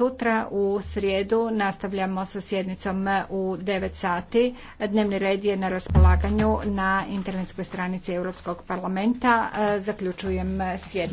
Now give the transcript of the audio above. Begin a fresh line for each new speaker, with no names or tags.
Sutra u srijedu nastavljamo sa sjednicom u 9 sati. Dnevni red je na raspolaganju na internetskoj stranici Europskog parlamenta. E,
zaključujem sjednicu.